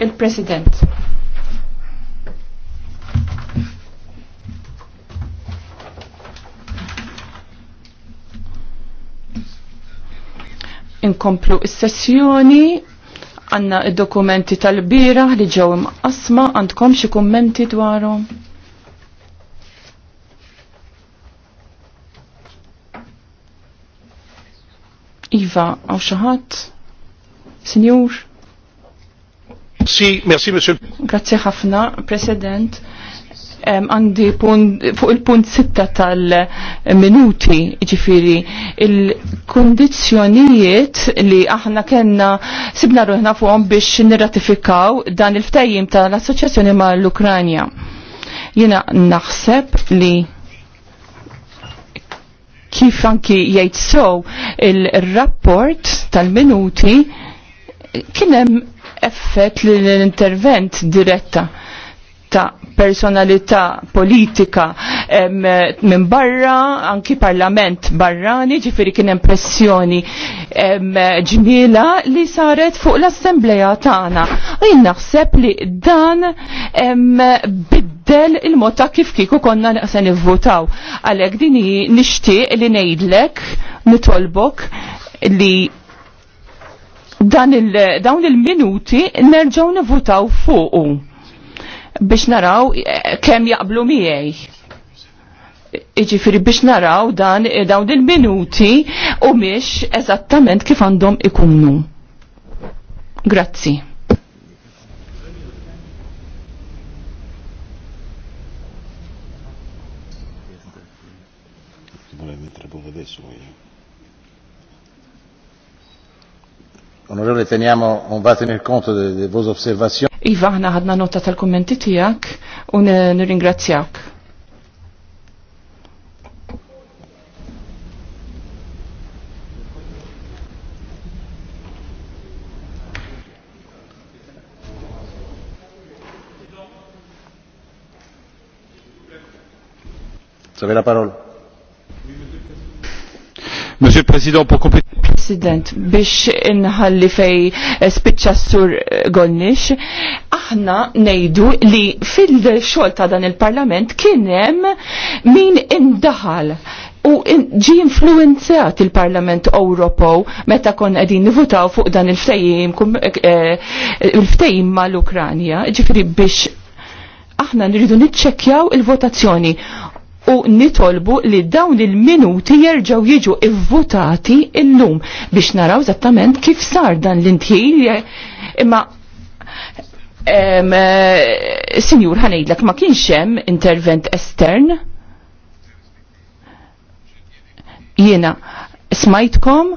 Il-President. Inkomplu is-sessjoni għanna il dokumenti tal-bira li ġawim asma, għandkom xie kommenti dwaru. Iva, għaw xaħat, senjur. Grazzi merci, monsieur. Grazie ħafna, President. Għandi fuq il-punt sitta tal-minuti, ġifiri, il-kondizjonijiet li aħna kena sibna ruħna fuqom biex nirratifikaw dan il-ftajim tal-Assoċjazzjoni ma' l-Ukranja. Jena naħseb li kif anki jgħid so il-rapport tal-minuti kienem effett li l-intervent diretta ta' personalità politika minn barra, anki parlament barrani, ġifiri kien impressjoni ġmila li saret fuq l-assembleja tagħna. Jien naħseb li dan biddel il-mod ta' kif kieku konna se nivvutaw. Għalhekk din nixtieq li ngħidlek, nitolbok li dan il, dawn il-minuti nerġaw nivutaw fuq biex naraw eh, kem jaqblu miegħi. Iġifiri biex naraw dan eh, dawn il-minuti u miex eżattament kif għandhom ikunu. Grazzi. Volevamo mettere poco adesso, voglio. Onorevole, teniamo, on va tenere conto de, de osservazioni. Iva, ħna ħadna nota tal-kommenti tijak un nirringrazzjak. Vous la parole. Monsieur le Président, pour compléter. President, biex inħalli fej eh, spiċċa sur gonnix, aħna nejdu li fil-xol ta' dan il-parlament kienem min indaħal u ġi influenzat il-Parlament Ewropew meta kon qegħdin nivutaw fuq dan il-ftehim eh, il-ftehim mal-Ukranja, ġifieri biex aħna nridu niċċekkjaw il-votazzjoni u nitolbu li dawn il-minuti jerġaw jiġu ivvutati illum biex naraw zattament kif sar dan l-intħil imma eh, Sinjur ħanejdlek ma kienx hemm intervent estern jiena smajtkom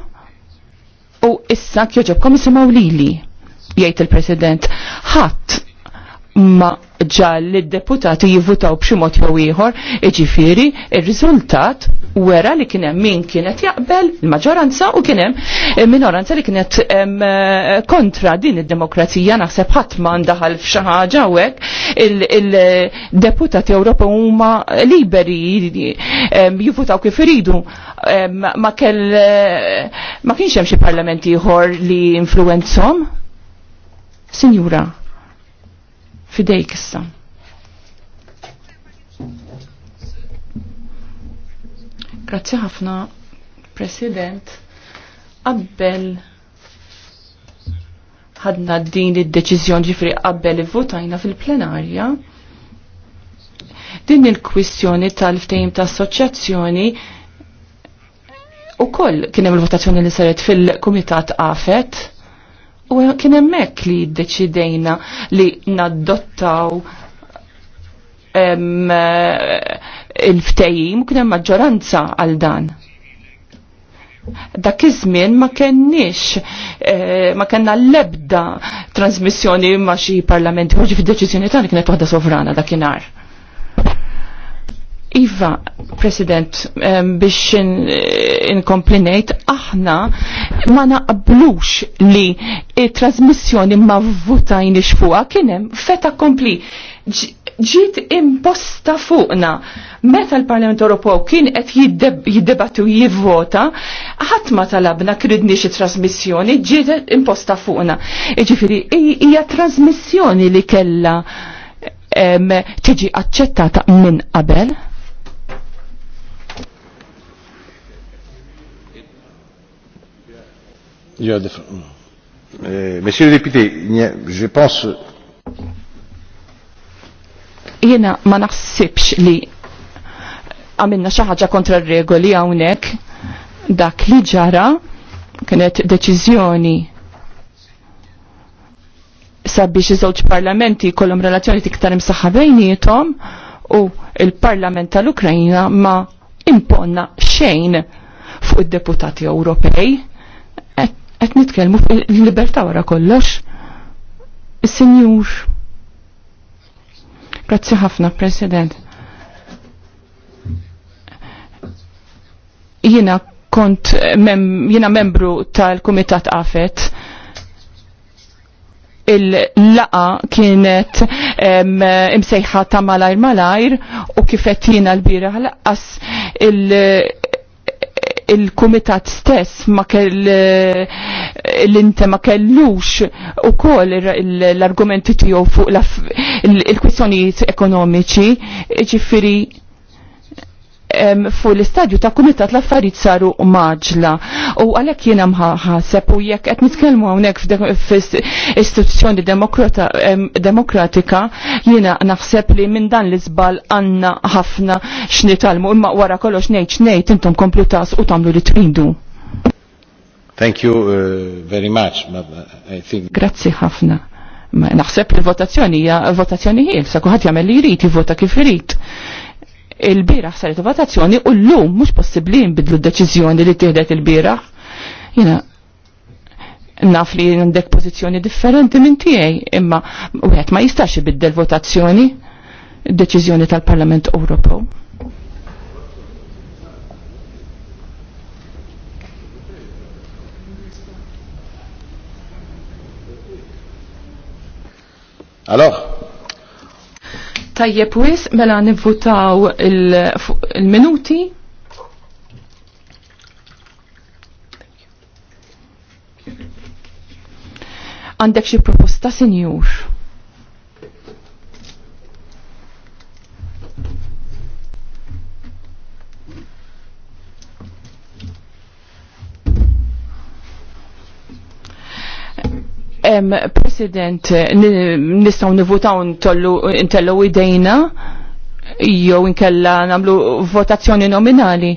u issa kjoġobkom isimaw lili jgħid il-President ħadd ma ġal li deputati jivvutaw b'ximot jew ieħor, iġifieri ir-riżultat wera li kien hemm min kienet jaqbel il-maġġoranza u kien hemm eh, minoranza li kienet eh, kontra din id-demokrazija naħseb ħadd ma ndaħal f'xi ħaġa il-deputati Ewropa huma liberi jivvutaw kif iridu ma kell eh, ma kienx hemm xi parlament ieħor li influenzhom. Signora fidejk issa. Grazzi ħafna, President. Qabbel ħadna din id-deċiżjoni ġifri qabbel votajna fil-plenarja. Din il-kwistjoni tal-ftehim ta' assoċjazzjoni u koll kien hemm il-votazzjoni li saret fil-Kumitat AFET U kien hemmhekk li ddeċidejna li naddottaw il-ftejim u kien hemm maġġoranza għal dan dak iż-żmien ma kenniex eh, ma kenna l-ebda transmissjoni ma xi parlamenti, ma fid deċiżjoni tagħna kienet waħda sovrana dakinhar. Iva, President, biex eh, inkomplinejt, in aħna ma naqblux li il-trasmissjoni ma votajni xfuqa kienem feta kompli ġiet imposta fuqna. Meta l-Parlament Ewropew kien qed jiddebattu jivvota, ħadd ma talabna kridni xi trasmissjoni ġiet imposta fuqna. Jiġifieri hija trasmissjoni li kellha tiġi aċċettata minn qabel monsieur le député, je pense. Jena ma naħsibx li għamilna xi ħaġa kontra r-regoli hawnhekk dak li ġara kienet deċiżjoni sabiex iż-żewġ parlamenti kollhom relazzjoni iktar imsaħħa bejniethom u l parlament tal-Ukrajna ma imponna xejn fuq id-deputati Ewropej qed nitkellmu fuq il-libertà wara kollox. Is-Sinjur. Grazzi ħafna, President. Jiena kont mem, jiena membru tal-Kumitat Afet il-laqa kienet imsejħa ta' malajr malajr u kifet jiena l-bira għas il- il-kumitat stess ma kell eh, l-inte ma kellux u kol l-argumenti tiegħu fuq il-kwistjonijiet ekonomiċi, ġifiri fuq l-istadju ta' kumitat l-affarijiet saru maġla. U għalhekk jiena mħaħaseb u jekk qed nitkellmu hawnhekk f'istituzzjoni demokratika jiena naħseb li minn dan l-iżbal għandna ħafna x'nitalmu imma wara kollox ngħid x'ngħid intom komplu tas u tagħmlu li tridu. Thank you uh, very much. I think... Grazzi ħafna. Naħseb li votazzjoni hija votazzjoni ħielsa, kulħadd jagħmel li jrid jivvota kif irid il-biraħ saret votazzjoni u l-lum mux possibli jimbidlu d-deċizjoni li tiħdet il-biraħ. Jina, naf li għandek pozizjoni differenti minn tiegħi, imma u ma jistax jibiddel votazzjoni d deċiżjoni tal-Parlament Ewropew. Alors, Tajjeb wis mela nivvutaw il-minuti. Għandek xi proposta, sinjur? President, nistaw nivutaw intollu idejna jew inkella namlu votazzjoni nominali.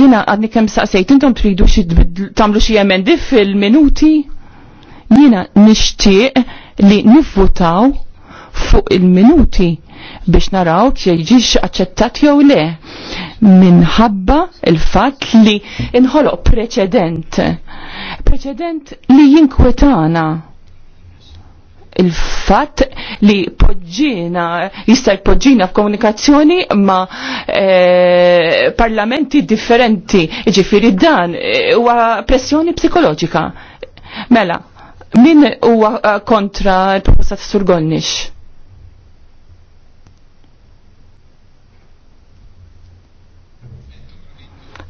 Jina għadni kem saqsejt, intom tridu tamlu xie emendi fil-minuti? Jina nishtiq li nivvutaw fuq il-minuti biex naraw ċeġiġ aċċettat jew le minħabba il-fat li inħoloq preċedent preċedent li jinkwetana il-fat li poġġina, jista' jpoġġina f'komunikazzjoni ma e, parlamenti differenti, ġifiri dan eh, huwa e, pressjoni psikoloġika. Mela, min huwa eh, kontra l-proposta ta' Surgonnix?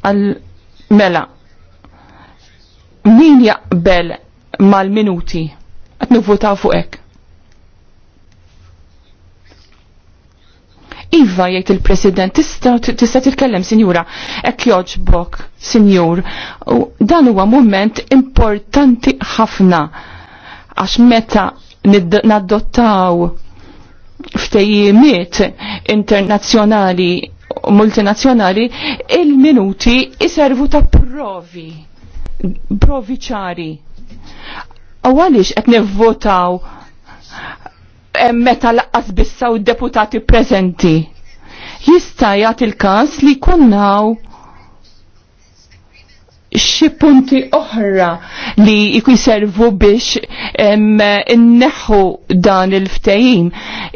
Għal, mela, min jaqbel mal-minuti? Għat nivvotaw fuq hekk. Iva jgħid il-President tista' titkellem sinjura hekk joġbok, sinjur. U dan huwa mument importanti ħafna għax meta naddottaw ftejimiet internazzjonali multinazzjonali il-minuti iservu ta' provi proviċari. Għalix qed nivvotaw eh, meta laqqas bissaw deputati prezenti. Jista' jagħti il-każ li kunnaw xi punti oħra li servu biex inneħħu dan il-ftehim.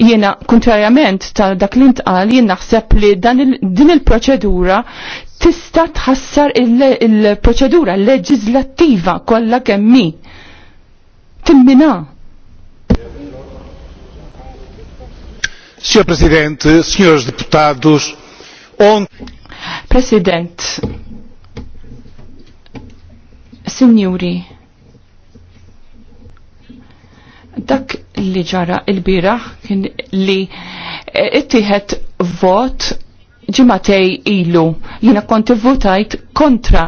Jiena kontrarjament ta' dak li ntqal jien naħseb li dan din il-proċedura tista tħassar il-proċedura il leġizlattiva kollha kemmi. Timmina. Sr. President, signores deputados, on... President, signori, dak li ġara il bira kien li eh, ittieħed vot ġimatej ilu jina konti votajt kontra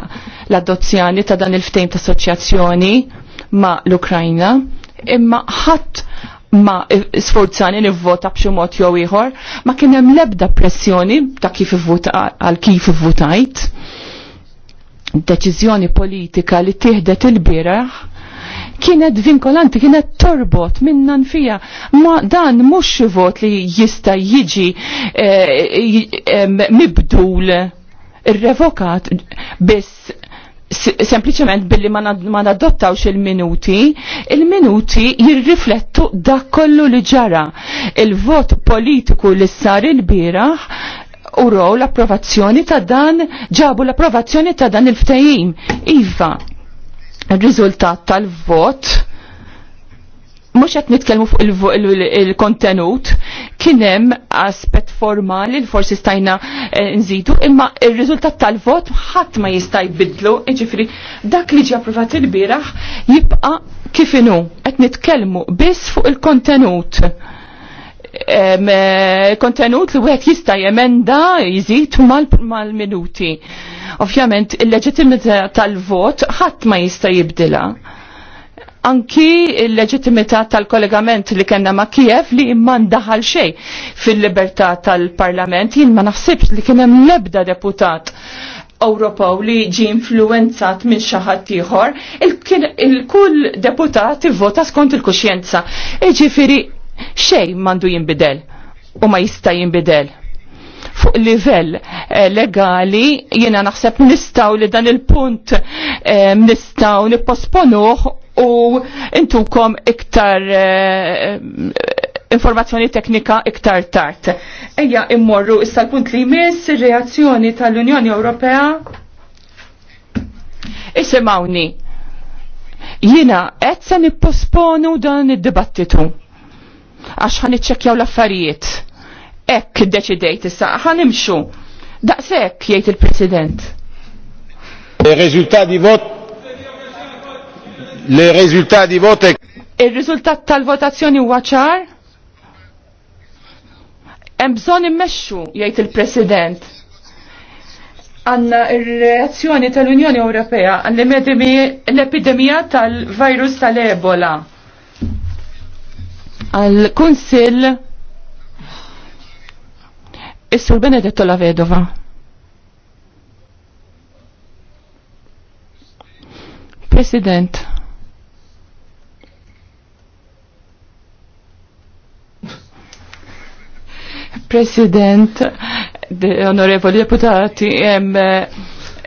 l-adozzjoni ta' dan il ftejn ta' assoċjazzjoni ma' l-Ukrajna imma ħadd ma sforzani nivvota b'xi mod jew ieħor, ma kien hemm l-ebda pressjoni ta' kif għal kif ivvutajt. Deċiżjoni politika li tieħdet il-bieraħ kienet vinkolanti, kienet torbot minna nfija. Ma dan mux vot li jista jiġi eh, eh mibdul irrevokat biss sempliciment billi ma nadottawx il-minuti, il-minuti jirriflettu dak kollu li ġara. Il-vot politiku li sar il-biraħ uro l-approvazzjoni ta' dan, ġabu l-approvazzjoni ta' dan il-ftajim. Iva, il-riżultat tal-vot mux għet nitkelmu fuq il-kontenut, kienem aspet formali li forsi stajna eh, nżidu, imma il-rizultat tal-vot ħadd ma jista' bidlu iġifri dak li ġi approvat il-biraħ jibqa kifinu, qed nitkellmu biss fuq il-kontenut. Eh, kontenut li wieħed jista' jemenda jżid mal-minuti. mal minuti Ovvjament, il-leġitimità tal-vot ħadd ma jista' jibdilha. Anki il-leġitimità tal-kollegament li kellna ma' Kiev li imman daħal xej fil-libertà tal-parlament, jien ma naħsibx li kien hemm lebda deputat Ewropew li ġi influenzat minn xi ħadd ieħor, il-kull deputat ivvota skont il-kuxjenza. Jiġifieri xejn m'għandu jinbidel u ma jista' jinbidel fuq livell eh, legali jiena naħseb nistaw li dan il-punt eh, nistaw nipposponuh u intukom iktar eh, informazzjoni teknika iktar tard. Ejja immorru issa l-punt li jmiss ir-reazzjoni tal-Unjoni Ewropea. Isimawni, jina qed se nipposponu dan id-dibattitu għax ħan iċċekjaw l-affarijiet Ekk deċidejt issa, ħanimxu. Daqshekk jgħid il-President. Le riżultat di vot Le riżultat di vot Ir-riżultat tal-votazzjoni huwa ċar? Hemm bżonn immexxu jgħid il-President. Għanna ir-reazzjoni tal-Unjoni Ewropea l-epidemija tal-virus tal-Ebola. Għal-Kunsill Issu Benedetto la Vedova. President. President, onorevoli deputati, em,